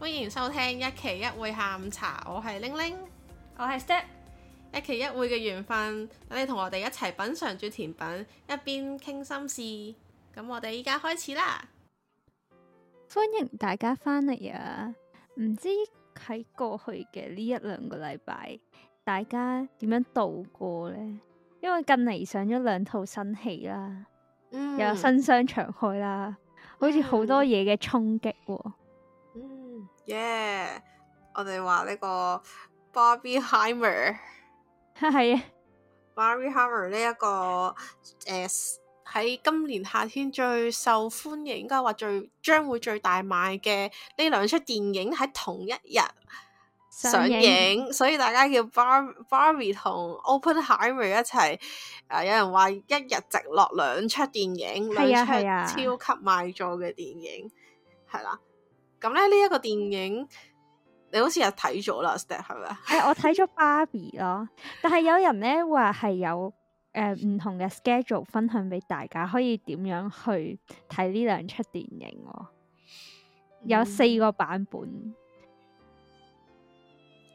歡迎收聽一期一會下午茶，我係玲玲，我係 Step，一期一會嘅緣分，等你同我哋一齊品嘗住甜品，一邊傾心事。咁我哋依家開始啦，歡迎大家返嚟呀！唔知喺過去嘅呢一兩個禮拜。大家點樣度過呢？因為近嚟上咗兩套新戲啦，又、嗯、有新商場開啦，好似好多嘢嘅衝擊。嗯，耶、哦！嗯、yeah, 我哋話呢個 Barbenheimer 係啊，Barbenheimer 呢、這、一個誒喺、呃、今年夏天最受歡迎，應該話最將會最大賣嘅呢兩出電影喺同一日，上映，拍所以大家叫 Bar Barbie 同 Oppenheimer 一齊。誒、呃，有人話一日直落兩出電影，兩、啊、出超級賣座嘅電影，係啦、啊。咁咧呢一個電影，你好似又睇咗啦，Step 係咪啊？係、 欸、我睇咗 Barbie 咯，但係有人咧話係有誒唔、呃、同嘅 schedule 分享俾大家，可以點樣去睇呢兩出電影？有四個版本。嗯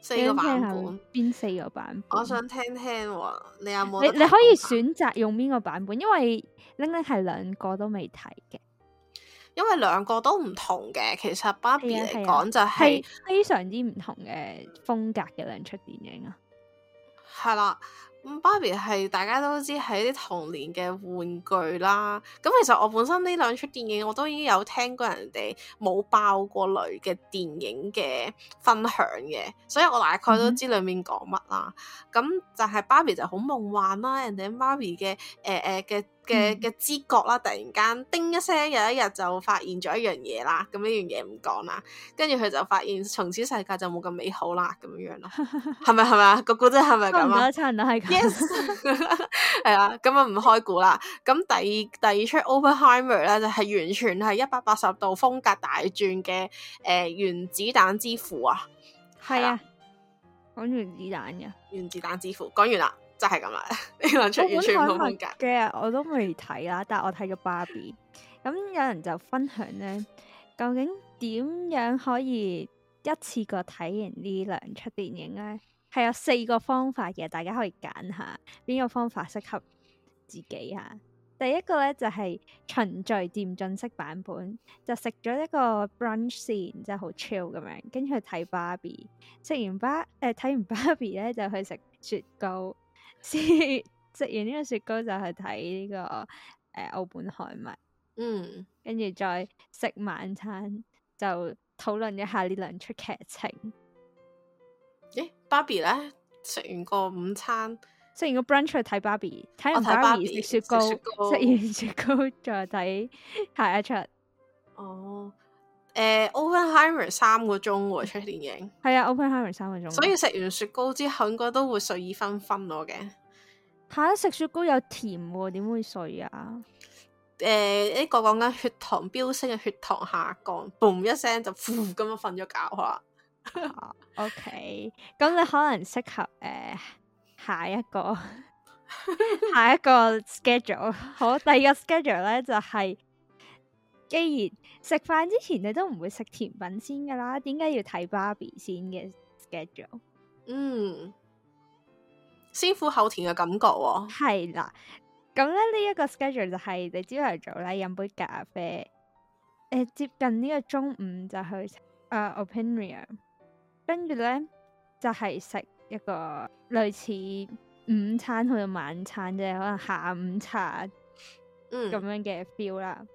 個四個版本，邊四個版本？我想聽聽、啊、你有冇？你你可以選擇用邊個版本，因為拎拎係兩個都未睇嘅，因為兩個都唔同嘅。其實芭比嚟講就係、是、非常之唔同嘅風格嘅兩出電影啊，係啦。咁芭比係大家都知係啲童年嘅玩具啦，咁其實我本身呢兩出電影我都已經有聽過人哋冇爆過雷嘅電影嘅分享嘅，所以我大概都知裡面講乜啦。咁、嗯、就係芭比就好夢幻啦，人哋芭比嘅誒誒嘅。呃呃嘅嘅知覺啦，突然間叮一聲，有一日就發現咗一樣嘢啦，咁呢樣嘢唔講啦，跟住佢就發現從此世界就冇咁美好啦，咁樣樣咯，係咪係咪啊？個、嗯嗯、 古仔係咪咁啊？差唔多就係咁，係啊，今日唔開估啦。咁第第二出 Oppenheimer 咧就係、是、完全係一百八十度風格大轉嘅誒，原子彈之父啊，係啊，講原子彈嘅，原子彈之父講完啦。 就係咁啦，呢兩 出完全唔同嘅。 我都未睇啦，但係我睇咗芭比。咁有人就分享呢，究竟點樣可以一次過睇完呢兩出電影呢？係有四個方法嘅，大家可以揀下邊個方法適合自己啊。第一個呢，就係、是、循序漸進式版本，就食咗一個 brunch 先，即係好 chill 咁樣，跟住去睇芭比。食完芭，誒睇完芭比呢，就去食雪糕。食 完呢個雪糕就去睇呢個誒《奧、呃、本海默》，嗯，跟住再食晚餐就討論一下呢兩出劇情。誒、欸，芭比咧，食完個午餐，食完個 brunch 去睇芭比，睇完芭比食雪糕，食完雪糕再睇下一出。哦。誒 Oppenheimer 三個鐘喎、啊，出電影。係啊 Oppenheimer 三個鐘、啊。所以食完雪糕之後應該都會睡意紛紛我嘅。吓、啊，食雪糕又甜喎，點會睡啊？誒，呢個講緊血糖飆升嘅血糖下降，嘣 一聲就呼咁樣瞓咗覺啦。 uh, OK，咁你可能適合誒、uh, 下一個 下一個 schedule。好，第二個 schedule 咧就係、是。既然食飯之前你都唔會食甜品先㗎啦，點解要睇芭比先嘅 schedule？嗯，先苦後甜嘅感覺、哦。係啦，咁咧呢一、這個 schedule 就係你朝頭早咧飲杯咖啡，誒、呃、接近呢個中午就去誒、uh, Oppenheimer，跟住咧就係、是、食一個類似午餐去到晚餐即係、就是、可能下午茶嗯，嗯咁樣嘅 feel 啦。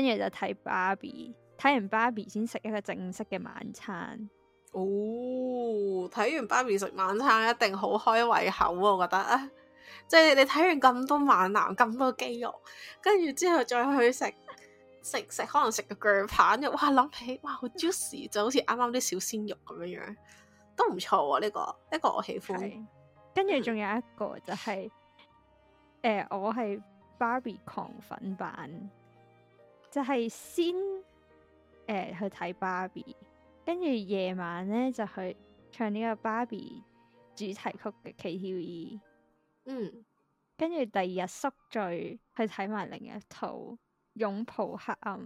跟住就睇芭比，睇完芭比先食一個正式嘅晚餐。哦，睇完芭比食晚餐一定好開胃口啊！我覺得啊，即 係你睇完咁多猛男、咁多肌肉，跟住之後再去食食食，可能食個鋸扒，哇諗起哇好 juicy，嗯、就好似啱啱啲小鮮肉咁樣樣，都唔錯、啊。呢、這個呢、這個我喜歡。跟住仲有一個、嗯、就係、是，誒、呃，我係芭比狂粉版。就係先誒、呃、去睇芭比，跟住夜晚咧就去唱呢個芭比主題曲嘅 KTV。嗯，跟住第二日宿醉去睇埋另一套《擁抱黑暗》，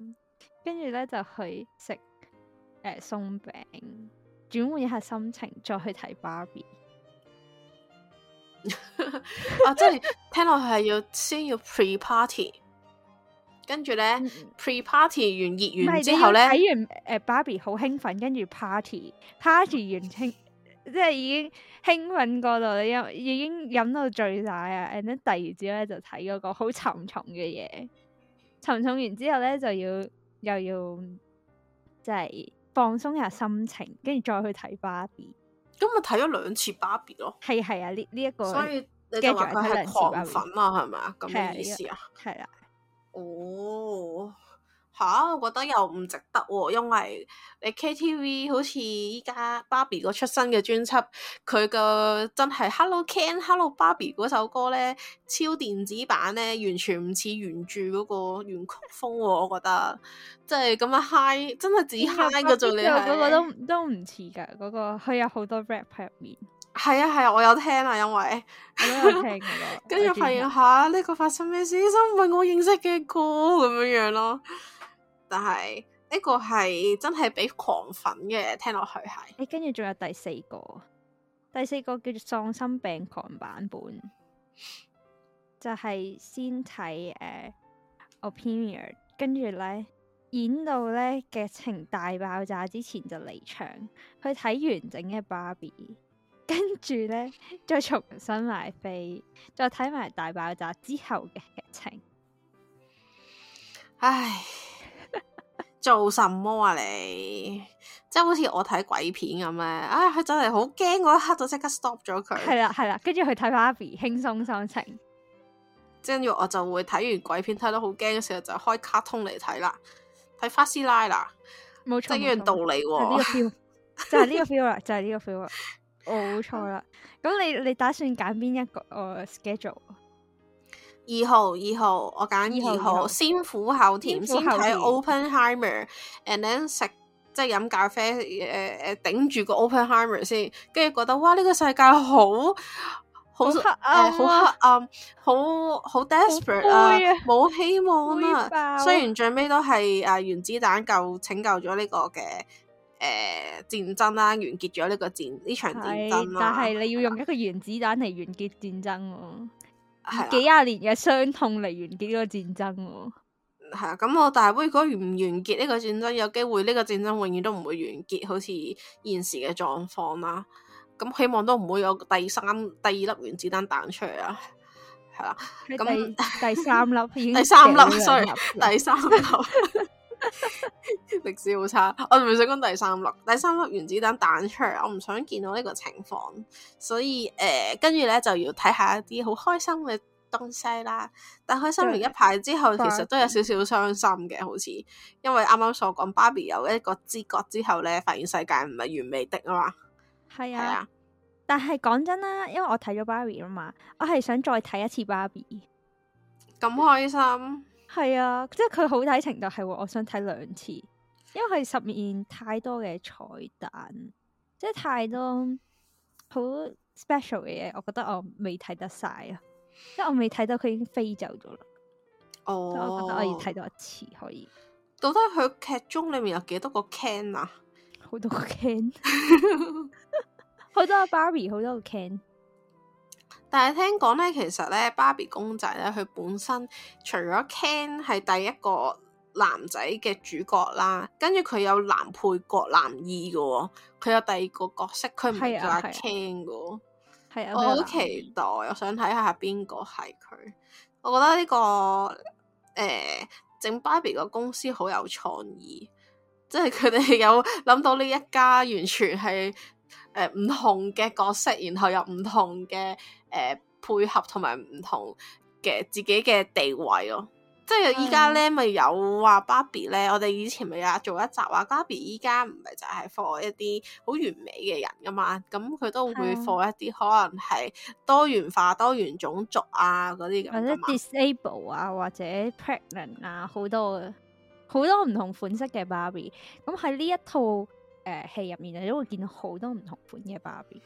跟住咧就去食誒鬆餅，轉、呃、換一下心情再去睇芭比。 啊，即係聽落佢係要先要 pre party。跟住咧、嗯、pre party 完熱完之後咧，睇完誒芭比好興奮，跟住 party party 完興，嗯、即係已經興奮過度，飲已經飲到醉晒啊！然後第二朝咧就睇嗰個好沉重嘅嘢，沉重完之後咧就要又要即係、就是、放鬆下心情，跟住再去睇 b b 芭比。咁我睇咗兩次 b b 芭比咯，係係啊，呢呢一個，所以你哋話佢係狂粉啊，係咪啊？咁嘅、這個、意思啊，係啊。這個哦，吓、oh, 啊，我覺得又唔值得喎、啊，因為你 K T V 好似依家 Barbie 個出新嘅專輯，佢個真係 Hello Ken Hello Barbie 嗰首歌咧，超電子版咧，完全唔似原著嗰個原曲風、啊， 我覺得即係咁樣 high，真係 hi，只 high 嗰種嚟。嗰個都都唔似噶，嗰個佢有好多 rap 喺入面。係啊，係啊，我有聽啊，因為我都有聽，跟住發現吓，呢個發生咩事？唔係我認識嘅歌咁樣樣咯。但係呢個係真係俾狂粉嘅聽落去係。誒，跟住仲有第四個，第四個叫做喪心病狂版本， 就係先睇誒、uh, Oppenheimer，跟住咧演到咧劇情大爆炸之前就離場，去睇完整嘅 Barbie。跟住咧，再重新買飛，再睇埋大爆炸之後嘅劇情。唉， 做什麼啊你？即係好似我睇鬼片咁咧。哎、啊，佢真係好驚嗰一刻，就即刻 stop 咗佢。係啦，係啦，跟住去睇芭比，輕鬆心情。跟住我就會睇完鬼片，睇到好驚嘅時候就開卡通嚟睇啦，睇《花師奶》啦，冇錯，一樣道理喎、啊， 就係、是、呢個 feel 啦，就係呢個 feel 啦。冇錯啦，咁、嗯、你你打算揀邊一個、哦、schedule？二號二號，我揀二號，號先苦後甜，先睇 Oppenheimer，and then 食即係飲、就是、咖啡，誒、呃、誒，頂住個 Oppenheimer 先，跟住覺得哇，呢、這個世界好好黑啊，好黑暗，好好 desperate 啊，冇希望啦、啊。啊、雖然最尾都係啊，原子彈救拯救咗呢個嘅。誒、呃，戰爭啦，完結咗呢個戰呢場戰爭，但係你要用一個原子彈嚟完結戰爭喎、啊，的幾廿年嘅傷痛嚟完結呢個戰爭喎。係啊，咁我但係如果唔完結呢個戰爭，有機會呢個戰爭永遠都唔會完結，好似現時嘅狀況啦。咁希望都唔會有第三第二粒原子彈彈出嚟啊。係啦，咁的、嗯、第三粒，第三粒 第三粒。Sorry, 第 歷 史好差，我唔想講第三粒，第三粒原子彈彈出嚟，我唔想見到呢個情況，所以誒，跟住咧就要睇下一啲好開心嘅東西啦。但開心完一排之後，對其實都有少少傷心嘅，好似因為啱啱所講，芭比有一個知覺之後咧，發現世界唔係完美的啊嘛。係啊，啊但係講真啦，因為我睇咗芭比啊嘛，我係想再睇一次芭比，咁開心。係啊，即係佢好睇程度係，啊，我想睇兩次，因為佢十面太多嘅彩蛋，即係太多好 special 嘅嘢，我覺得我未睇得晒啊，即係我未睇到佢已經飛走咗啦。哦，oh, 我覺得可以睇多一次可以。到底佢劇中裏面有幾多個 Ken 啊？好多個 Ken，好 多個 Barbie，好多個 Ken。但係聽講咧，其實咧，芭比公仔咧，佢本身除咗 Ken 係第一個男仔嘅主角啦，跟住佢有男配角男二嘅喎，佢有第二個角色，佢唔係叫阿 Ken 嘅喎，係啊，係啊，我好期待，我想睇下邊個係佢。我覺得呢、呢個誒整芭比個公司好有創意，即係佢哋有諗到呢一家完全係。誒，唔、呃、同嘅角色，然後有唔同嘅誒、呃、配合，同埋唔同嘅自己嘅地位咯、哦。即係依家咧，咪有話芭比咧，我哋以前咪有做一集話芭比依家唔係就係放一啲好完美嘅人噶嘛，咁佢都會放一啲可能係多元化、多元種族啊嗰啲咁或者 disable 啊或者 pregnant 啊好多嘅好多唔同款式嘅芭比。咁喺呢一套。誒，戲入、uh，面啊，都會見到好多唔同款嘅芭比。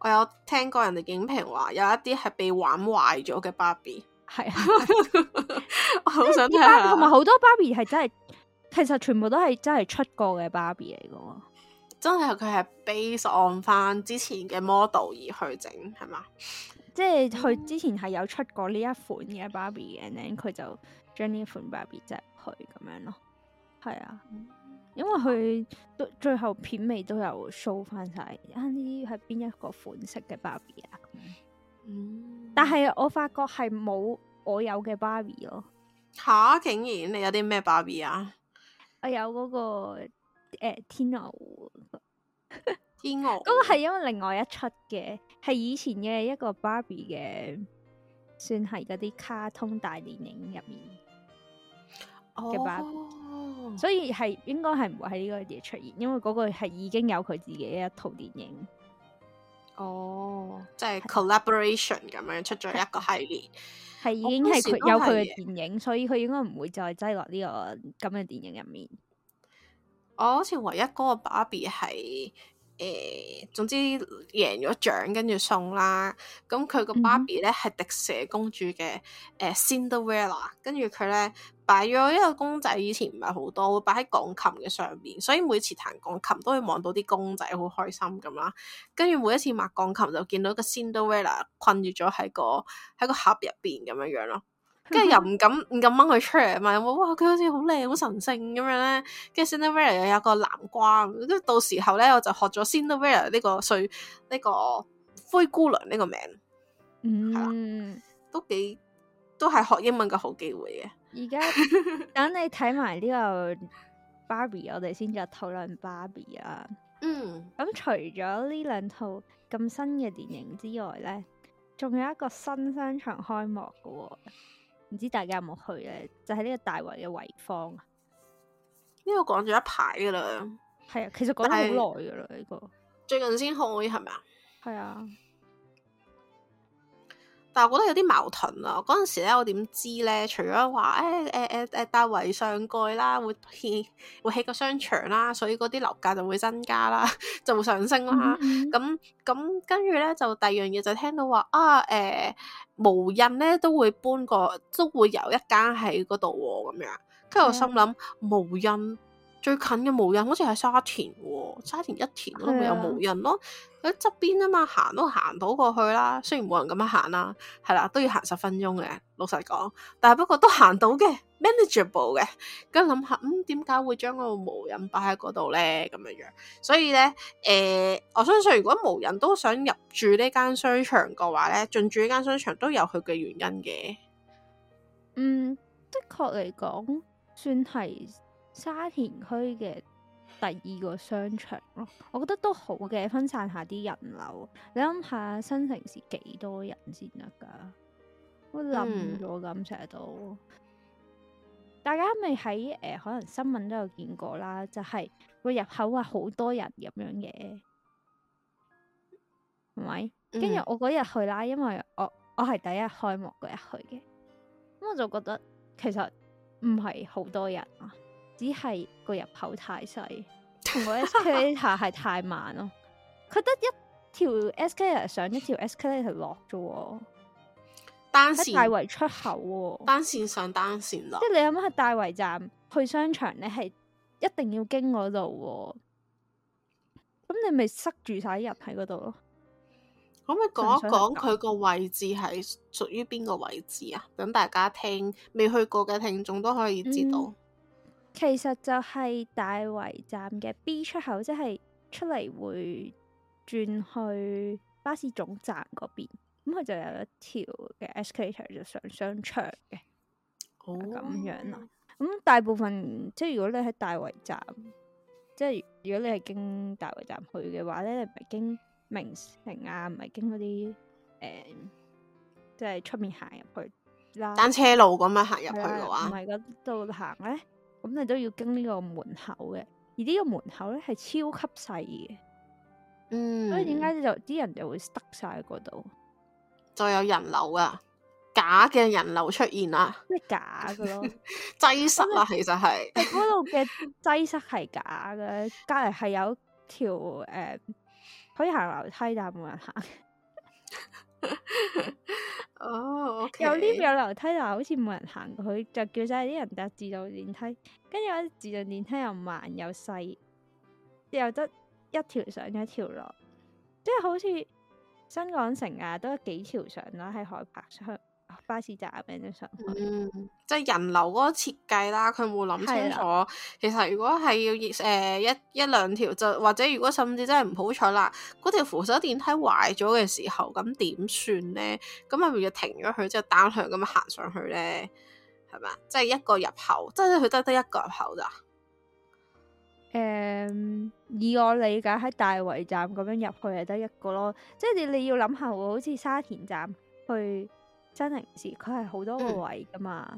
我有聽過人哋影評話，有一啲係被玩壞咗嘅芭比。係 我好想聽，同埋好多芭比係真係，其實全部都係真係出過嘅芭比嚟噶。真係佢係 base on 翻之前嘅 model 而去整，係嘛？即係是佢、嗯、之前係有出過呢一款嘅芭比嘅，呢佢就將呢一款芭比入去咁樣咯。係啊。嗯因為佢都最後片尾都有 show 翻晒，呢啲係邊一個款式嘅芭比啊，嗯，但係我發覺係冇我有嘅芭比咯。吓，竟然你有啲咩芭比啊？我有嗰、嗰個誒、呃、天鵝， 天鵝嗰 個係因為另外一出嘅，係以前嘅一個芭比嘅，算係嗰啲卡通大電影入面嘅芭比。哦。所以係應該係唔會喺呢個嘢出現，因為嗰個係已經有佢自己一套電影。哦，即係是 collaboration 咁是樣出咗一個系列，係 已經係佢有佢嘅電影，所以佢應該唔會再擠落呢個咁嘅電影入面。我好似唯一嗰個芭比係。誒，總之贏咗獎跟住送啦，咁佢個芭比咧係《嗯、迪士尼公主》嘅、呃、誒《Cinderella》，跟住佢咧擺咗一個公仔，以前唔係好多，會擺喺鋼琴嘅上邊，所以每次彈鋼琴都會望到啲公仔，好開心咁啦。跟住每一次抹鋼琴就見到個，在在個《Cinderella》困住咗喺個喺個盒入邊咁樣樣咯。跟住、嗯、又唔敢唔敢掹佢出嚟啊嘛！哇，佢好似好靚、好神聖咁樣咧。跟住 Cinderella 又有個南瓜，咁到時候咧我就學咗 Cinderella 個碎呢、呢個灰姑娘呢個名，嗯，都幾都係學英文嘅好機會嘅。而家在 等你睇埋呢個 Barbie，我哋先再討論 Barbie 啊。嗯，咁除咗呢兩套咁新嘅電影之外咧，仲有一個新商場開幕嘅、哦。唔知大家有冇去咧？就喺、是、呢個大圍嘅圍方，呢個講咗一排噶啦。係啊，其實講咗好耐噶啦呢個，最近先開係咪啊？係啊。但係我覺得有啲矛盾啊！嗰陣時咧，我點知咧？除咗話誒誒誒誒大圍上蓋啦，會，會起會起個商場啦，所以嗰啲樓價就會增加啦，就會上升啦。咁咁跟住咧，就第二樣嘢就聽到話啊誒、欸，無印咧都會搬過，都會有一間喺嗰度喎咁樣。跟住我心諗、嗯、無印最近嘅無印好似係沙田喎、喔，沙田一田都會、嗯、有無印咯。喺側邊啊嘛，行都行到過去啦。雖然冇人咁樣行啦、啊，係啦，都要行十分鐘嘅。老實講，但係不過都行到嘅，manageable 嘅。咁諗下，咁點解會將個無人擺喺嗰度咧？咁樣樣，所以咧，誒、呃，我相信如果無人都想入住呢間商場嘅話咧，進駐呢間商場都有佢嘅原因嘅。嗯，的確嚟講，算係沙田區嘅。第二個商場咯，我覺得都好嘅，分散下啲人流。你諗下，新城市幾多人先得㗎？我冧咗咁成日都、嗯、都大家咪喺誒，可能新聞都有見過啦，就係、是、個入口話好多人咁樣嘅，係咪、嗯？跟住我嗰日去啦，因為我我係第一開幕嗰日去嘅，咁、嗯、我就覺得其實唔係好多人啊。只係個入口太細，同個 escalator 係太慢咯。佢得 一條 escalator 上一條，一條 escalator 落啫。單線大圍出口，喔，單線上單線落。即係你有乜去大圍站去商場咧，係一定要經嗰度。咁你咪塞住晒啲人喺嗰度咯。可唔可以講一講佢個位置係屬於邊個位置啊？等大家聽未去過嘅聽眾都可以知道。嗯其實就係大圍站嘅 B 出口，即係出嚟，會轉去巴士總站嗰邊，咁、嗯、佢就有一條嘅 escalator 就上商場嘅，咁、oh. 樣啦。咁、嗯、大部分即係如果你喺大圍站，即係如果你係經大圍站去嘅話咧，你唔係經名城啊，唔係經嗰啲誒，即係出面行入去啦。單車路咁樣行入去嘅話，唔係嗰度行咧。咁你都要經呢個門口嘅，而呢個門口咧係超級細嘅，嗯，所以點解就啲人就會塞晒嗰度，就有人流啊，假嘅人流出現啦，即係假嘅咯，擠 塞啊了，你其實係，嗰度嘅擠塞係假嘅，隔籬係有條誒、呃、可以行樓梯，但係冇人行。 哦，oh, okay. 有 lift 有樓梯，但係好似冇人行，佢就叫晒啲人搭自動電梯。跟住我自動電梯又慢又細，又得一條上一條落，即係好似新港城啊，都幾條上啦，喺海拍出。巴士站咁樣上去，即係人流嗰個設計啦。佢冇諗清楚。的其實如果係要誒一一兩條，就或者如果甚至真係唔好彩啦，嗰條扶手電梯壞咗嘅時候，咁點算呢？咁咪要停咗佢，即係單向咁行上去呢？係咪？即係一個入口，即係佢得得一個入口咋？誒，以我理解喺大圍站咁樣入去係得一個咯，即係你你要諗下，好似沙田站去，真係唔知，佢係好多個位噶嘛，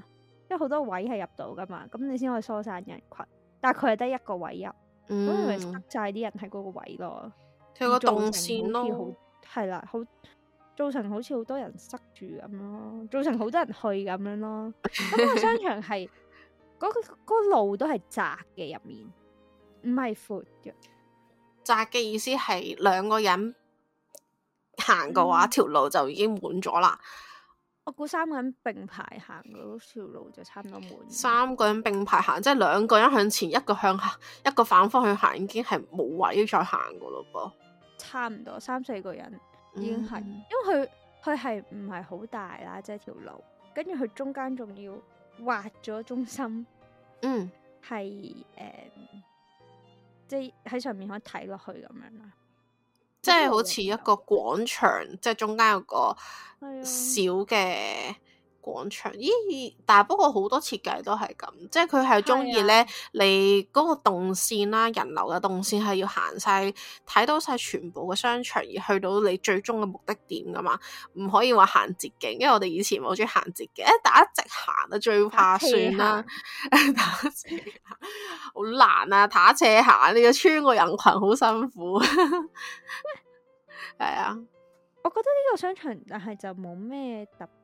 因為好多位係入到噶嘛，咁你先可以疏散人群。但係佢係得一個位入，咁咪、嗯、塞啲人喺嗰個位咯。佢個動線咯，係啦，好造成好似好多人塞住咁咯，造成好多人去咁樣咯。咁 個商場係嗰個路都係窄嘅入面，唔係闊嘅。窄嘅意思係兩個人行嘅話，條、嗯、路就已經滿咗啦。我估三個人並排行嗰條路就差唔多滿。三個人並排行，即係兩個人向前，一個向後，一個反方向行，已經係冇位再行噶咯噃。差唔多三四個人，已經係，嗯、因為佢佢係唔係好大啦，即係條路，跟住佢中間仲要挖咗中心，嗯，係誒、嗯，即係喺上面可以睇落去咁樣啦。即係好似一個廣場，即係中間有個小嘅。廣場咦，但係不過好多設計都係咁，即係佢係中意咧，你嗰個動線啦，啊、人流嘅動線係要行晒，睇到晒全部嘅商場，而去到你最終嘅目的點噶嘛，唔可以話行捷徑，因為我哋以前冇中意行捷徑，一打直行啊，最怕算啦，打斜行好 難啊，打斜行你要穿個人群好辛苦，係 麼啊，我覺得呢個商場但係就冇咩特別。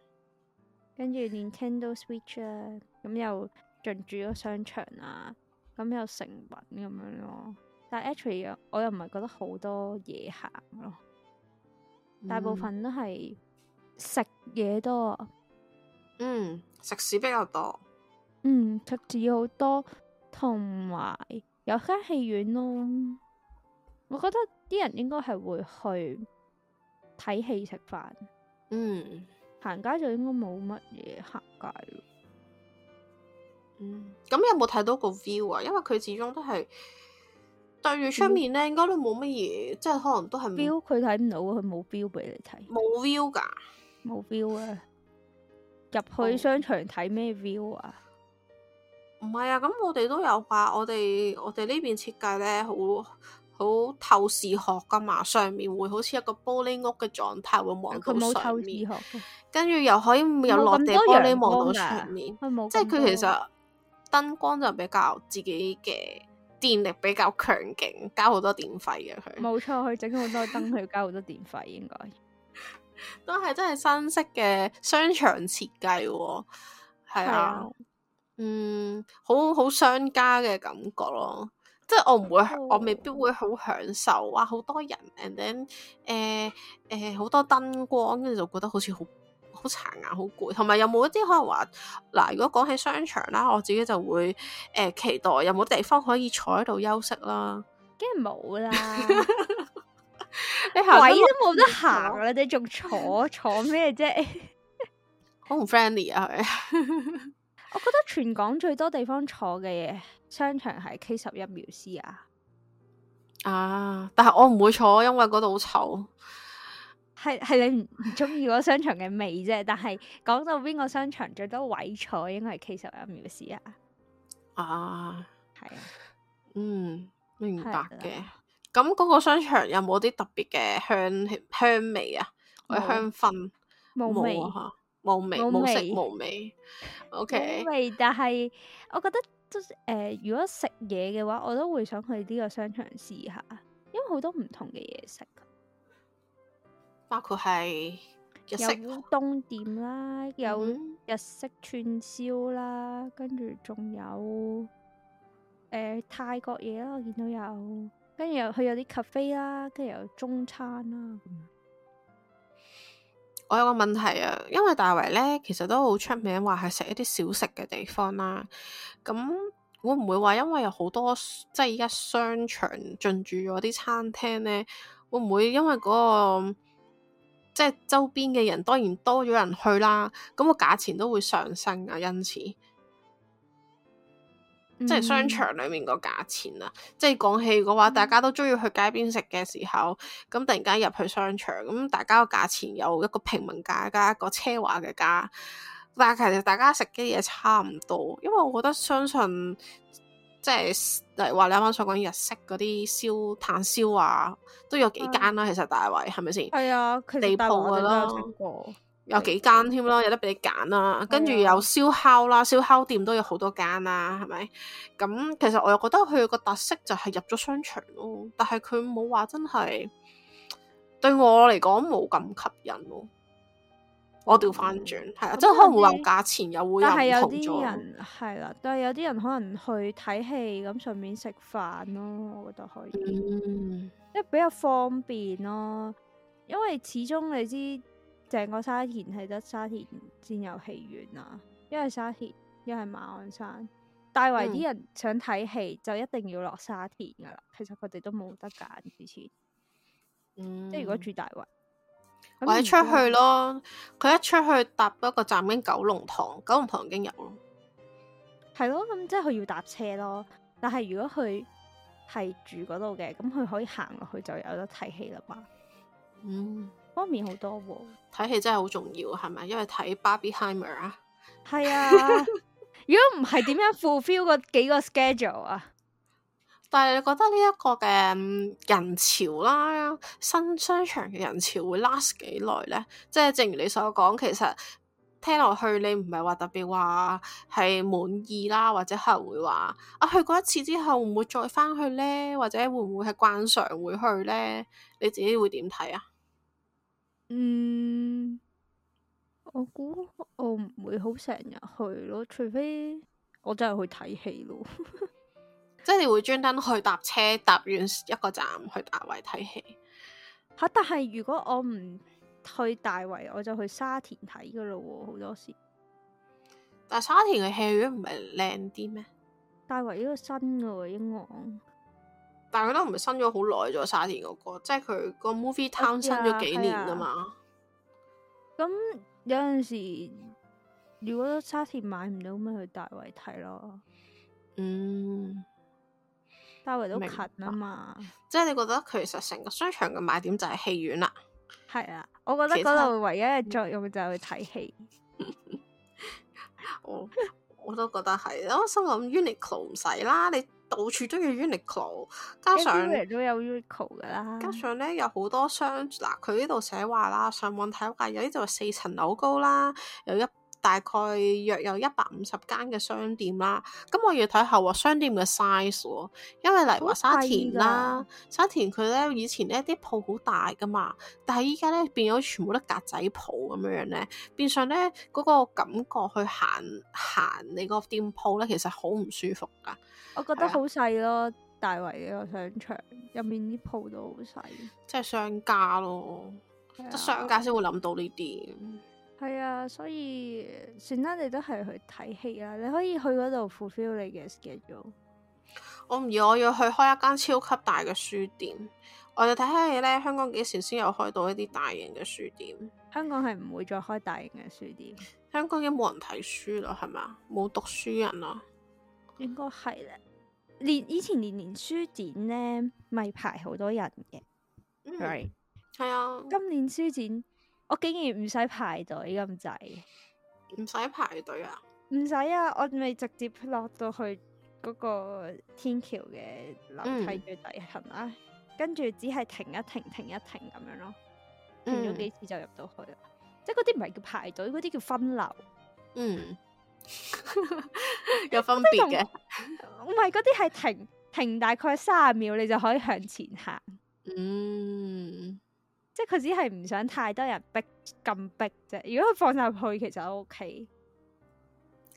跟住 Nintendo Switch 啊，咁又進駐咗商場啊，咁又成品咁樣咯。但係 actually 我又唔係覺得好多嘢行咯，大部分都係食嘢多。嗯，食肆比較多。嗯，食肆好多，同埋有間戲院咯。我覺得啲人應該係會去睇戲食飯。嗯。行街就應該冇乜嘢行街，嗯，咁有冇睇到個 view 啊？因為佢始終都係對住出面咧，應該都冇乜嘢，即係可能都係 view 佢睇唔到啊，佢冇 view 俾你睇，冇 view 噶，冇 view 啊！入去商場睇咩 view 啊？唔係、哦、啊，咁我哋都有噶，我哋我哋呢邊設計咧好。好透視學㗎嘛，上面會好似一個玻璃屋嘅狀態，會望到佢。冇透視學，跟住又可以有落地玻璃望到上面，即係佢其實燈光就比較自己嘅電力比較強勁，交好多電費嘅佢。冇錯，佢整好多燈佢交好多電費， 應該該。都係真係新式嘅商場設計。哦，係啊，啊嗯，好好商家嘅感覺咯。即係我唔會，oh. 我未必會好享受，啊。哇，好多人，and then 誒、呃、誒、好、呃、多燈光，跟住就覺得好似好好殘眼，好攰。同埋有冇一啲可能話，嗱，如果講起商場啦，我自己就會誒、呃、期待有冇地方可以坐喺度休息啦。梗係冇啦，鬼都冇得行啦， 你仲坐坐咩啫？好 唔 friendly 啊！ 我覺得全港最多地方坐嘅嘢，商場係 K 十一 Musea 啊！啊，但係我唔會坐，因為嗰度好臭。係，係你唔唔中意嗰商場嘅味啫， 但係講到邊個商場最多位坐，應該係 K 十一 Musea 啊！啊，係啊，嗯，明白嘅。咁嗰 個商場有冇啲特別嘅香香味啊？沒或香薰？冇味。冇味冇食冇味，O K 冇味，但係我覺得都誒、呃，如果食嘢嘅話，我都會想去呢個商場試下，因為好多唔同嘅嘢食，包括係日式烏冬店啦，有日式串燒啦，嗯、跟住仲有誒、呃、泰國嘢啦，我見到有，跟住又去有啲咖啡啦，跟住有中餐啦。嗯我有個問題啊，因為大圍咧其實都好出名，話係食一啲小食嘅地方啦。咁、嗯、會唔會話因為有好多即係而家商場進駐咗啲餐廳咧？會唔會因為嗰、個即係周邊嘅人當然多咗人去啦，咁、嗯個價錢都會上升啊，因此。即係商場裏面個價錢啊！Mm hmm. 即係講起嘅話，大家都中意去街邊食嘅時候，咁、mm hmm. 突然間入去商場，咁大家個價錢有一個平民價加，加一個奢華嘅價。但係其實大家食嘅嘢差唔多，因為我覺得相信即係例如話你啱啱所講日式嗰啲燒炭燒啊，都有幾間啦。Mm hmm. 其實大圍係咪先？係啊，mm hmm. 地鋪㗎咯。有幾間添啦，對有得俾你揀啦，跟住對有燒烤啦，燒烤店都有好多間啦，係咪？咁其實我又覺得佢個特色就係入咗商場咯，但係佢冇話真係對我嚟講冇咁吸引咯。我調翻轉係啊，即係可能會話價錢又會有唔同咗。係啦、啊，但係有啲人可能去睇戲咁順便食飯咯、啊，我覺得可以，即係、嗯嗯、比較方便咯、啊。因為始終你知。整個沙田係得沙田先有戲院啊，一係沙田，一係馬鞍山。大圍啲人想睇戲、嗯、就一定要落沙田噶啦，其實佢哋都冇得揀之前。嗯、即係如果住大圍，咁、嗯、咪出去咯。佢一出去搭嗰個站經九龍塘，九龍塘已經有咯。係咯，咁即係佢要搭車咯。但係如果佢係住嗰度嘅，咁佢可以行落去就有得睇戲啦嘛。嗯。方面好多喎，睇戲真係好重要，係咪？因為睇 Barbenheimer 啊，係啊。如果唔係，點樣 fulfill 個 幾個 schedule 啊？但係你覺得呢一個嘅人潮啦，新商場嘅人潮會 last 幾耐呢？即係正如你所講，其實聽落去你唔係話特別話係滿意啦，或者客人會話啊，去過一次之後會唔會再翻去呢？或者會唔會係慣常會去呢？你自己會點睇啊？嗯，我估我唔會好成日去咯，除非我真係去睇戲咯。 即係你會專登去搭車搭完一個站去大圍睇戲？吓、啊，但係如果我唔去大圍，我就去沙田睇噶咯。好多時，但沙田嘅戲院唔係靚啲咩？大圍呢個新嘅喎，音樂。但係佢都唔係新咗好耐咗，沙田嗰個，即係佢個 Movie Town 新咗幾年啊嘛。咁有陣時，如果沙田買唔到，咪去大圍睇咯。嗯，大圍都近啊嘛。即係你覺得其實成個商場嘅賣點就係戲院啦。係啊，我覺得嗰度唯一嘅作用就係去睇戲。 我我都覺得係，我心諗 Uniqlo 唔使啦，你到處都要 Uniqlo，加上邊都有 Uniqlo 噶啦，加上咧有好多商，嗱佢呢度寫話啦，上網睇話有啲就四層樓高啦，有一，大概約有一百五十間嘅商店啦，咁我要睇下話商店嘅 size 喎，因為例如話沙田啦，沙田佢咧以前咧啲鋪好大噶嘛，但係依家咧變咗全部都格仔鋪咁樣樣咧，變相咧嗰個感覺去行行你個店鋪咧，其實好唔舒服噶。我覺得好細咯，啊、大圍嘅個商場入面啲鋪都好細，即係商家咯，得 Yeah. 商家先會諗到呢啲。嗯係啊，所以算啦，你都係去睇戲啦。你可以去嗰度 fulfill 你嘅 schedule。我唔要，我要去開一間超級大嘅書店。我哋睇下咧，香港幾時先有開到一啲大型嘅書店？香港係唔會再開大型嘅書店。香港已經冇人睇書啦，係咪啊？冇讀書人啊？應該係啦。年以前年年書展咧，咪排好多人嘅。係、right? 係、嗯、啊，今年書展。我竟然唔使排隊咁滯，唔使排隊啊？唔使啊！我未直接落到去嗰個天橋嘅樓梯嘅底層啦，跟住只係停一停，停一停咁樣咯，停咗幾次就入到去啦。嗯、即係嗰啲唔係叫排隊，嗰啲叫分流。嗯， 有分別嘅，唔係嗰啲係停停，停大概三十秒你就可以向前行。嗯。即係佢只係唔想太多人逼咁逼啫。如果佢放晒入去，其實 OK。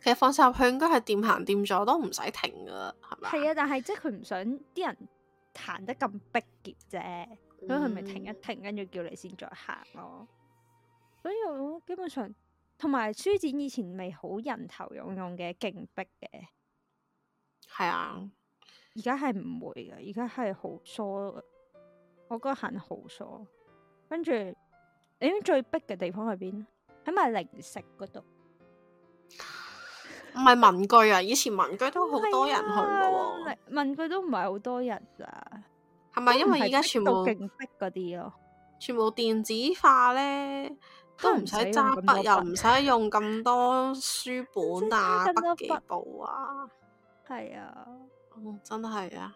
其實放晒入去應該係點行點左都唔使停噶，係咪？係啊，但係即係佢唔想啲人行得咁逼竭啫。咁佢咪停一停，跟住叫你先再行咯。所以我基本上同埋書展以前咪好人頭湧湧嘅勁逼嘅，係啊。而家係唔會嘅，而家係好疏。我覺得行好疏。跟住，你最逼嘅地方係邊？喺咪零食嗰度？唔係文具啊！以前文具都好多人去嘅、哦啊、文具都唔係好多人啊。係咪因為而家全部勁逼嗰啲咯？全部電子化咧，都唔使揸筆，又唔使用咁多、啊、多書本啊、筆記簿啊。係啊，哦，真係啊。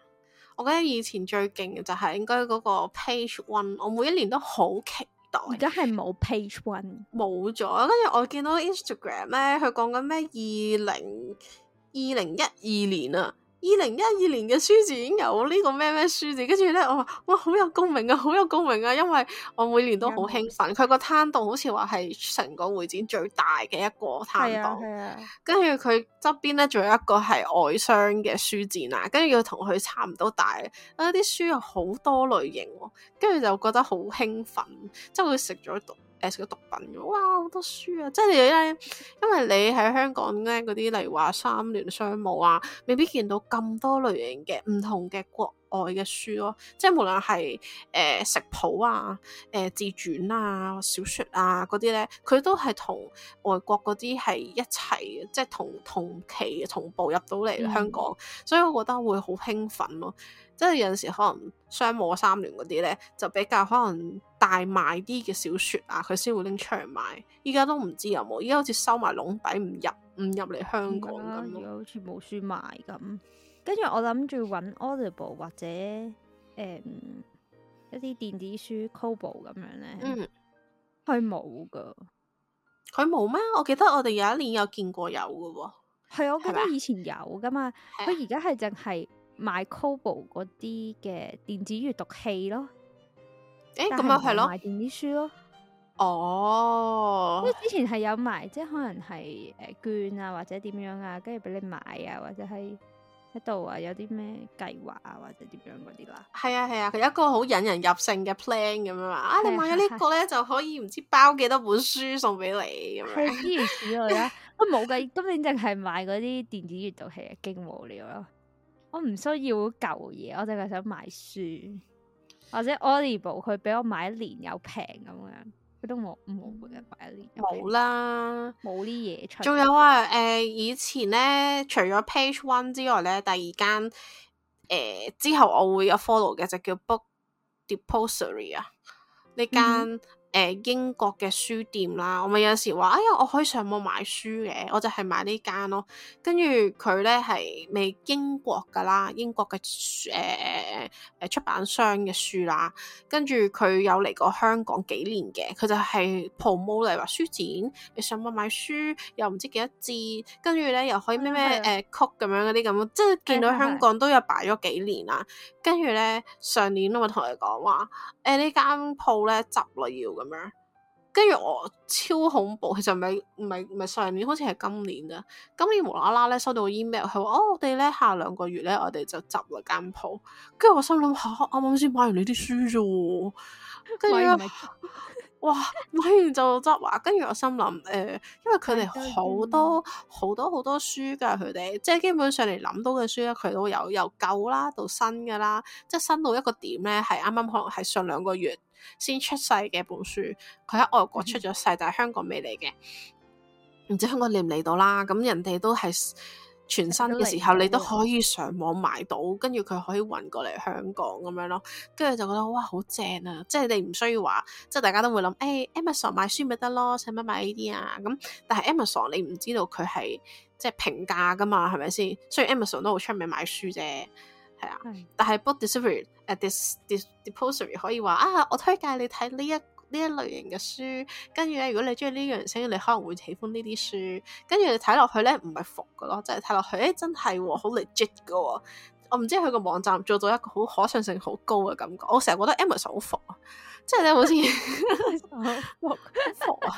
我覺得以前最勁嘅就係應該嗰個 Page One，我每一年都好期待。而家係冇 Page One，冇咗。跟住我見到 Instagram 咧，佢講緊咩？二零二零一二年啊！二零一二年嘅書展有個什麼什麼書呢個咩咩書展，跟住咧我話哇好有共鳴啊，好有共鳴啊，因為我每年都興奮、嗯嗯嗯、好興奮。佢個攤檔好似話係成個會展最大嘅一個攤檔，跟住佢側邊咧仲有一個係外商嘅書展啊，跟住同佢差唔多大啊，啲書有好多類型，跟住就覺得好興奮，即係佢食咗毒。誒食咗毒品哇好多書啊！即係因為因為你喺香港咧，嗰啲例如話三聯商務啊，未必見到咁多類型嘅唔同嘅國外嘅書咯、哦，即係無論係誒、呃、食譜啊、誒、呃、自傳啊、小説啊嗰啲咧，佢都係同外國嗰啲係一齊，即係同同期同步入到嚟香港，嗯、所以我覺得會好興奮咯、哦。即係有陣時可能商務三聯嗰啲咧，就比較可能大賣啲嘅小説啊，佢先會拎出嚟賣。依家都唔知有冇，依家好似收埋籠底，唔入唔入嚟香港咁。而家、嗯、好似冇書賣咁。跟住我諗住搵 Audible 或者誒、嗯、一啲電子書 Kobo 咁樣咧，佢冇噶，佢冇咩？我記得我哋有一年有見過有噶喎、哦，啊，我記得以前有噶嘛。佢而家係淨係買 Kobo 嗰啲嘅電子閱讀器咯，誒咁又係咯，買電子書咯。哦、欸，因為之前係有買，即係可能係誒券啊，或者點樣啊，跟住俾你買啊，或者係。度啊，有啲咩計劃啊，或者點樣嗰啲啦？係啊係啊，佢有一個好引人入勝嘅 plan 咁啊，啊，啊，啊，啊，啊！啊，你買咗呢個咧就可以唔知包幾多本書送俾你咁樣。係冇計。今年淨係買嗰啲電子閱讀器，驚無聊咯。我唔需要舊嘢，我淨係想買書或者 Audible，佢俾我買一年有平咁樣。佢都冇冇嘅，八年冇啦，冇啲嘢出。仲有啊，誒、呃，以前咧，除咗 Page One 之外咧，第二間誒、呃，之後我會有 follow 嘅，就叫 Book Depository 啊，呢間，嗯。誒英國嘅書店啦，我咪有時話，哎呀，我可以上網買書嘅，我就係買呢間咯。跟住佢咧係未英國㗎啦？英國嘅誒誒出版商嘅書啦。跟住佢有嚟過香港幾年嘅，佢就係 promo 嚟話書展，你上網買書又唔知幾多字，跟住咧又可以咩咩誒曲咁樣嗰啲咁，即係見到香港都有擺咗幾年啦。跟住咧上年我咪同佢講話，誒、呃、呢間鋪咧執啦要。咁樣，跟住我超恐怖。其實唔係唔係唔係上年，好似係今年咋？今年無啦啦咧收到個 email，佢話哦，我哋咧下兩個月咧，我哋就執落間鋪。跟住我心諗，吓，啱啱先買完你啲書咋？跟住 是 哇！買完就執啊！跟住我心諗，誒、呃，因為佢哋好多好 多好多，多書噶，佢哋即係基本上嚟諗到嘅書咧，佢都有由舊啦到新嘅啦，即係新到一個點咧，係啱啱可能係上兩個月先出世嘅本書，佢喺外國出咗世， 但係香港未嚟嘅，唔知香港嚟唔嚟到啦。咁人哋都係。全新嘅時候，都你都可以上網買到，跟住佢可以運過嚟香港咁樣咯，跟住就覺得哇好正啊！即係你唔需要話，即係大家都會諗，誒、哎、Amazon 買書咪得咯，使乜買呢啲啊？咁但係 Amazon 你唔知道佢係即係平價㗎嘛，係咪先？雖然 Amazon 都好出名買書啫，係 啊，但係 Book Discovery 誒 dis Depository 可以話啊，我推介你睇呢一。呢一類型嘅書，跟住咧，如果你中意呢樣書，你可能會喜歡呢啲書。跟住你睇落去咧，唔係服噶咯，即係睇落去誒，真係好 legit 噶。我唔知佢個網站做到一個好可信性好高嘅感覺。我成日覺得 Amazon 好服，即係咧好似服 服啊。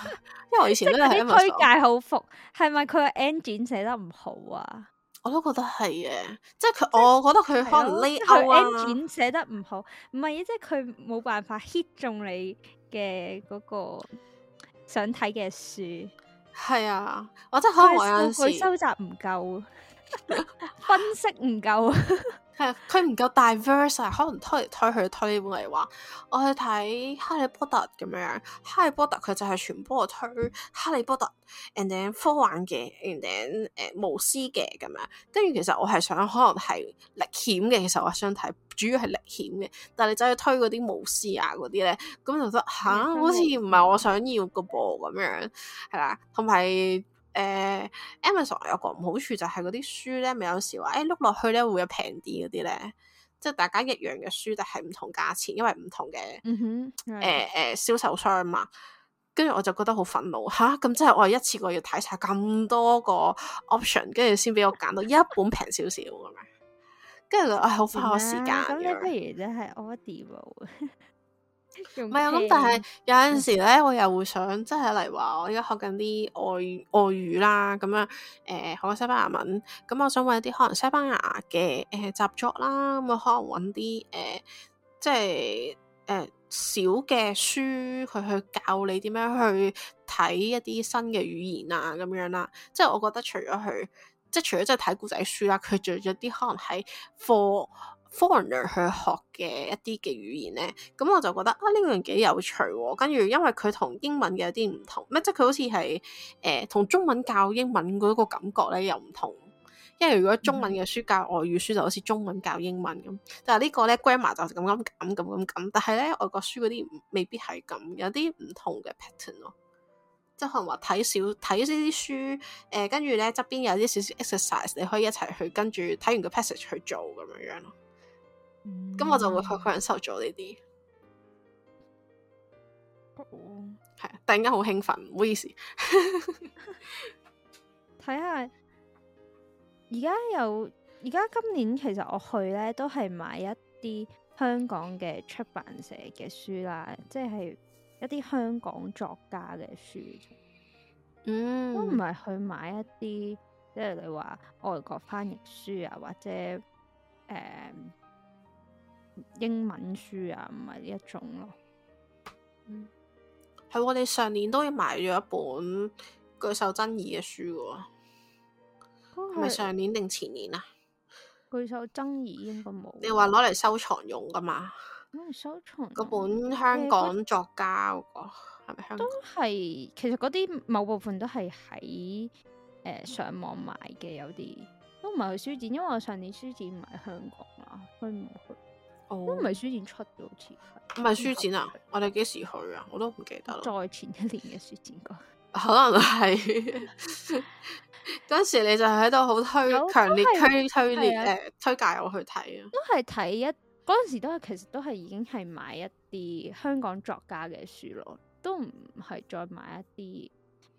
因為我以前都係啲推介好服，係咪佢個 engine 寫得唔好啊？我都覺得係嘅，即係佢，就是、我覺得佢可能呢，佢 engine 寫得唔好，唔係 即係佢冇辦法 hit 中你。嘅嗰個想睇嘅書係啊，我真係好，佢收集唔夠， 分析唔夠。 佢唔夠 diverse 啊，可能推嚟推去推，我哋話我去睇《哈利波特》咁樣，《哈利波特》佢就係全部我推《哈利波特》，and then 科幻嘅，and then 誒巫師嘅咁樣。跟住其實我係想可能係歷險嘅，其實我想睇主要係歷險嘅。但係你走去推嗰啲巫師啊嗰啲咧，咁就得吓，好似唔係我想要個噃咁樣，係啦，同埋。誒、uh，Amazon 有個唔好處就係嗰啲書咧，咪有時話誒碌落去咧，會有平啲嗰啲咧，即、就、係、是、大家一樣嘅書，但係唔同價錢，因為唔同嘅誒誒銷售商嘛。跟住我就覺得好憤怒吓，咁即係我一次過要睇晒咁多個 option，跟住先俾我揀到一本平少少咁樣，跟住唉好花我時間。咁、啊、你不如就係 Audible 唔係啊，咁 氣但係有陣時咧，我又會想，即係例如話，我而家學緊啲外外語啦，咁樣誒、欸、學過西班牙文，咁我想揾一啲可能西班牙嘅誒、欸、習作啦，咁啊可能揾啲誒即係誒小嘅書，佢去教你點樣去睇一啲新嘅語言啊，咁樣啦。即係我覺得除咗佢，即係除咗即係睇故仔書啦，佢仲有啲可能喺課 foreigner 去學嘅一啲嘅語言咧，咁我就覺得啊，呢、呢個樣幾有趣。跟住因為佢同英文嘅有啲唔同咩？即係佢好似係誒同中文教英文嗰個感覺咧又唔同。因為如果中文嘅書教外語書、嗯、就好似中文教英文咁，但係呢個咧 grammar 就咁咁咁咁咁，但係咧外國書嗰啲未必係咁，有啲唔同嘅 pattern 咯。即係可能話睇少、睇一啲書誒，跟住咧側邊有啲少少 exercise，你可以一齊去跟住睇完個 passage 去做咁樣樣咯。咁我就會去感受咗呢啲，係突然間好興奮，唔好意思。睇下而家有而家今年，其實我去咧都係買一啲香港嘅出版社嘅書啦，即係一啲香港作家嘅書。嗯，都唔係去買一啲，即係你話外國翻譯書啊，或者誒。嗯英文書啊，唔係呢一種咯。係、 嗯啊、我哋上年都要買咗一本《巨獸爭議、啊》嘅書是，係咪上年定前年啊？《巨獸爭議應該、啊》應該冇。你話攞嚟收藏用噶嘛？攞嚟、啊、收藏。嗰本香港為作家嗰個係咪香港？都係其實嗰啲某部分都係喺、呃、上網買嘅，有啲都唔係去書展，因為我上年書展唔係香港啦、啊，哦、都唔係書展出咗，好似係唔係書展啊！嗯、我哋幾時去啊？我都唔記得咯。再前一年嘅書展過， 可能係是嗰 時你就喺度好推強有烈推是推誒推、啊呃、推介我去睇啊！都係睇一嗰陣時都係其實都係已經係買一啲香港作家嘅書咯，都唔係再買一啲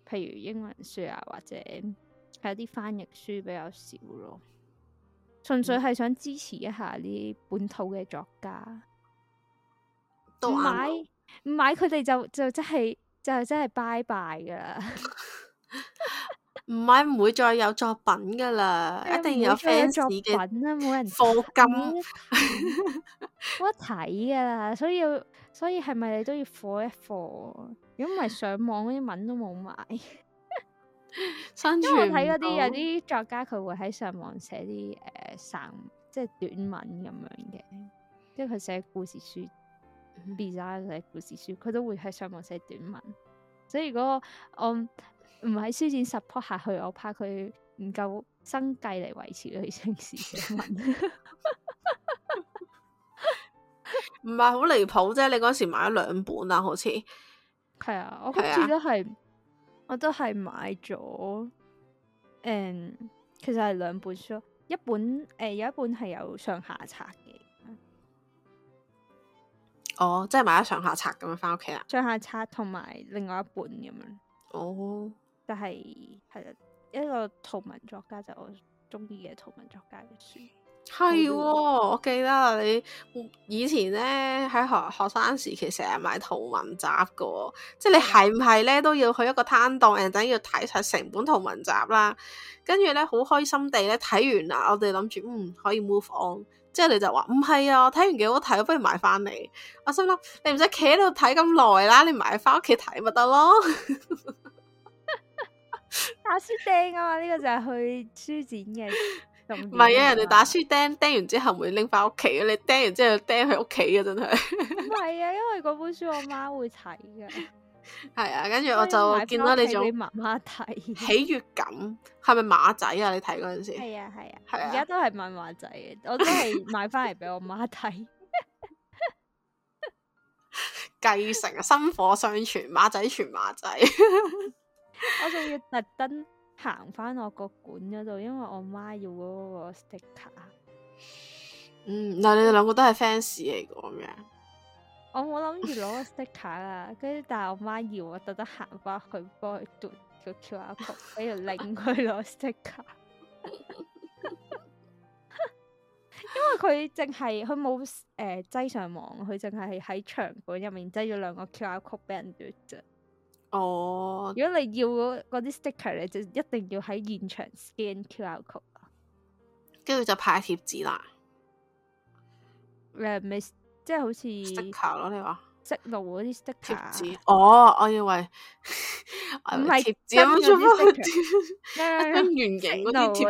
譬如英文書啊，或者係一啲翻譯書比較少咯。純粹係想支持一下呢本土嘅作家，唔買，唔買，佢哋就就真係就係真係拜拜噶啦，唔買唔會再有作品噶啦， 一定有 fans 嘅、啊，冇人課金冇得睇噶啦，所以要所以係咪你都要課一課？如果唔係上網嗰啲文都冇買。因為我睇嗰啲有啲作家佢會喺上網寫啲誒散，即係短文咁樣嘅，即係佢寫故事書，design 寫故事書，佢都會喺上網寫短文。所以如果我唔喺書展 support 下去，我怕佢唔夠生計嚟維持佢成時嘅文，唔係好離譜啫。你嗰時買咗兩本啦，好似係啊，我今次都係。我都係買咗，誒、嗯，其實係兩本書，一本誒，有、欸、一本係有上下冊嘅。哦，即係買咗上下冊咁樣翻屋企啦，上下冊同埋另外一本咁樣。哦，就係、是、係一個圖文作家，就是、我中意嘅圖文作家嘅書。係，我記得你以前咧喺學學生時期成日買圖文集噶，即係你係唔係咧都要去一個攤檔，然後等於要睇晒成本圖文集啦，跟住咧好開心地咧睇完啦，我哋諗住嗯可以 move on，之後你就話唔係啊，睇、嗯、完幾好睇，不如買翻嚟。我心諗你唔使企喺度睇咁耐啦，你買翻屋企睇咪得咯 。 打書釘啊嘛，呢、這個就係去書展嘅。唔係啊，人哋打書釘，釘完之後會拎翻屋企嘅。你釘完之後釘去屋企嘅，真係。唔 係啊，因為嗰本書我媽會睇嘅。係 啊，跟住我就見到你俾媽媽睇喜悅感，係咪馬仔啊？你睇嗰陣時係啊係啊係啊，而家、啊啊、都係問馬仔嘅，我都係買翻嚟俾我媽睇。繼 承啊，薪火相傳，馬仔傳馬仔。 我仲要特登。行翻我個館嗰度，因為我媽要嗰個 sticker。嗯，嗱，你哋兩個都係 fans 嚟嘅咩？ 我冇諗住攞個 sticker 啊，跟住但係我媽要我特登行翻去幫佢嘟個 QR Code，俾佢拎佢攞 sticker。因為佢淨係佢冇誒擠上網，佢淨係喺場館入面擠咗兩個 QR Code 俾人嘟啫。哦，如果你要嗰啲 sticker，你就一定要喺現場 scan QR code，跟住就派貼紙啦。誒，咪即係好似，即係咯，你話，即路嗰啲貼紙。哦，oh, 我以為唔係貼紙啊，乜乜乜，圓形嗰啲，即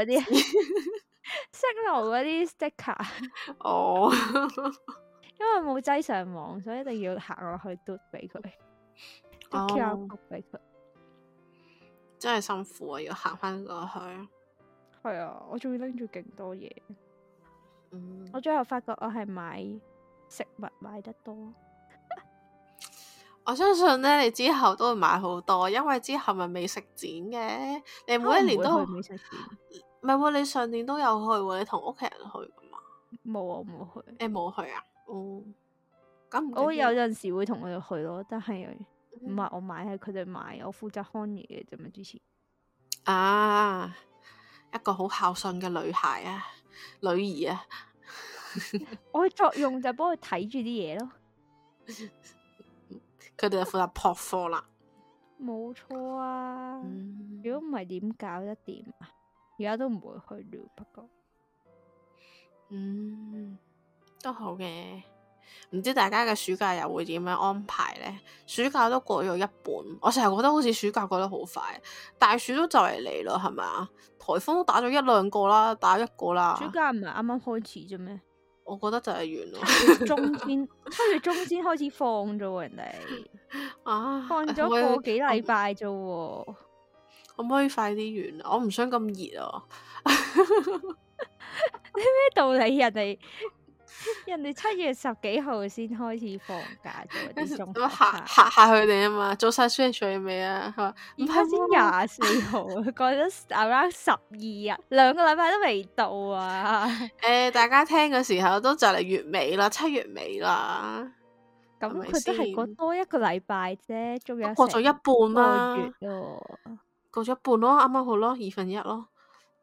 路嗰啲 sticker。哦，因為冇擠上網，所以一定要行落去嘟 o 俾佢。哦，真係辛苦啊！要行翻過去，係啊，我仲要拎住勁多嘢。嗯，我最後發覺我係買食物買得多。 我相信呢，你之後都會買好多，因為之後咪美食展嘅。你每一年都美食、啊、展，唔係喎？你上年都有去喎？你同屋企人去噶嘛？冇啊，冇去。你冇去啊？哦、嗯，咁我有陣時會同佢哋去咯，但係。唔係我買，係佢哋買，我負責看嘢嘅啫嘛。之前啊，一個好孝順嘅女孩啊，女兒啊， 我嘅作用就係幫佢睇住啲嘢咯。佢哋 就負責撲貨啦，冇錯 啊。如果唔係，點搞得掂啊？而家都唔會去了，不過，嗯，都好嘅。唔知大家嘅暑假又會點樣安排咧？暑假都過咗一半，我成日覺得好似暑假過得好快，大暑都就嚟嚟咯，係咪啊？台風都打咗一兩個啦，打一個啦。暑假唔係啱啱開始啫咩？我覺得就係完咯，中天七月中先開始放咗人哋啊，放咗個幾禮拜啫。可唔可以快啲完啊？我唔想咁熱啊！啲 咩道理人、啊、哋？人哋七月十幾號先開始放假，咁吓吓吓佢哋啊嘛，做晒宣水未啊！佢話唔係先廿四號，過咗 around 十二日，兩 個禮拜都未到啊！誒、欸，大家聽嘅時候都就嚟月尾啦，七月尾啦。咁佢都係過多一個禮拜啫，仲有過咗一半啦、啊啊，過咗一半咯，啱啱好咯，二分一咯。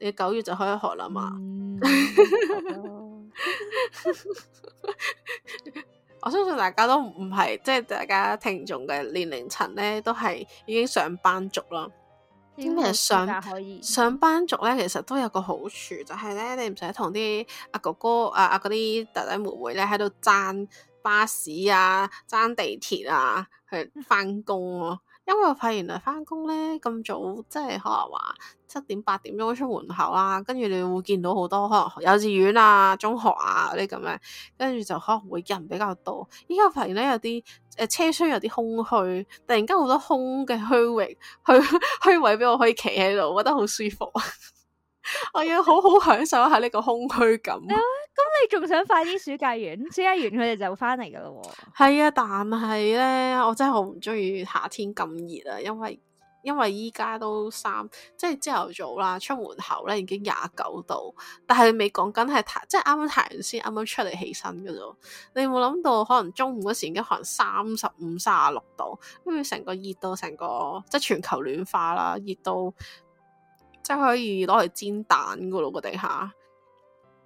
你九月就開學啦嘛。嗯 我相信大家都唔係，即係大家聽眾嘅年齡層咧，都係已經上班族啦。啲人上上班族咧，其實都有個好處，就係咧，你唔使同啲阿哥哥、阿阿嗰啲弟弟妹妹咧，喺度爭巴士啊、爭地鐵啊去翻工咯。嗯因為我發現嚟翻工咧咁早，即係可能話七點八點鐘出門口啦，跟住你會見到好多可能幼稚園啊、中學啊嗰啲咁樣，跟住就可能會人比較多。依家我發現咧有啲誒、呃、車廂有啲空虛，突然間好多空嘅虛位，虛虛位俾我可以企喺度，我覺得好舒服。我要好好享受下呢個空虛感。 咁你仲想快啲暑假完？暑假完佢哋就翻嚟噶咯。係 啊樂，嗯、 但係咧，我真係好唔中意夏天咁熱啊！因為因為依家都三，即係朝頭早啦，出門口咧已經廿九度，但係未講緊係太，即係啱啱太陽先，啱啱出嚟起身嘅啫。你冇諗到可能中午嗰時已經可能三十五、三十六度，跟住成個熱到成個，即係全球暖化啦，熱到。即係可以攞嚟煎蛋噶咯，我、個、地下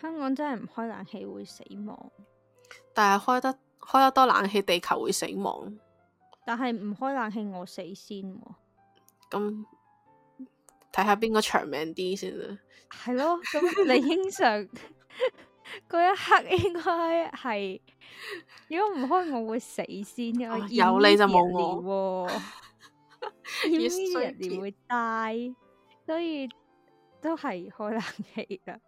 香港真係唔開冷氣會死亡，但係開得開得多冷氣，地球會死亡。但係唔開冷氣，我死先。咁睇下邊個長命啲先啦。係咯，咁你經常嗰 一刻應該係如果唔開，我會先死先噶。因為 有你就冇我，要衰人會 die 所以都係開冷氣啦，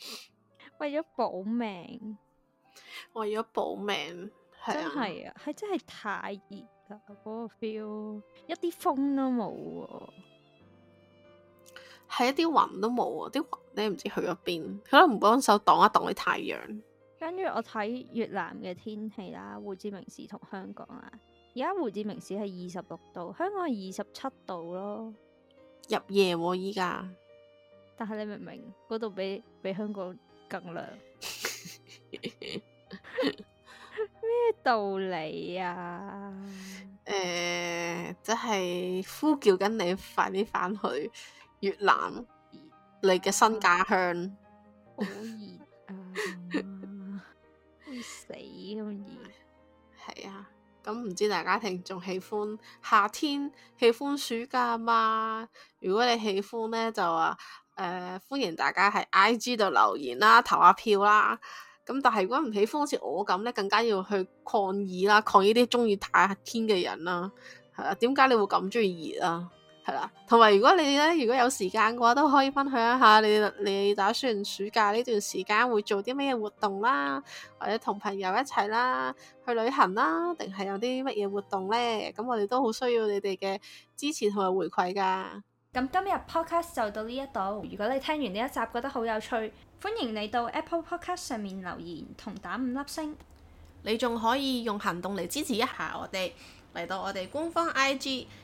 為咗保命，為咗保命，真係啊，係真係太熱啦！嗰個 feel，一啲風都冇，係一啲雲都冇啊！啲雲你唔知去咗邊，可能唔幫手擋一擋啲太陽。跟住我睇越南嘅天氣啦，胡志明市同香港啦、啊，而家胡志明市係二十六度，香港係二十七度咯。入夜喎依家，但係你明唔明？嗰度比比香港更涼，咩 道理啊？誒、呃，即係呼叫緊你快啲翻去越南，你嘅新家鄉好熱啊！ 會死咁熱。咁唔知大家聽仲喜歡夏天，喜歡暑假嘛？如果你喜歡咧，就啊，誒、呃、歡迎大家喺 I G 度留言啦，投下票啦。咁但係如果唔喜歡好似我咁咧，更加要去抗議啦，抗議啲中意夏天嘅人啦，係啊？點解你會咁中意熱啊？係啦，同埋如果你咧如果有時間嘅話，都可以分享一下你你打算暑假呢段時間會做啲咩活動啦，或者同朋友一齊啦去旅行啦，定係有啲乜嘢活動呢？咁我哋都好需要你哋嘅支持同埋回饋噶。咁今日 podcast 就到呢一度，如果你聽完呢一集覺得好有趣，歡迎你到 Apple Podcast 上面留言同打五粒星。你仲可以用行動嚟支持一下我哋，嚟到我哋官方 IG。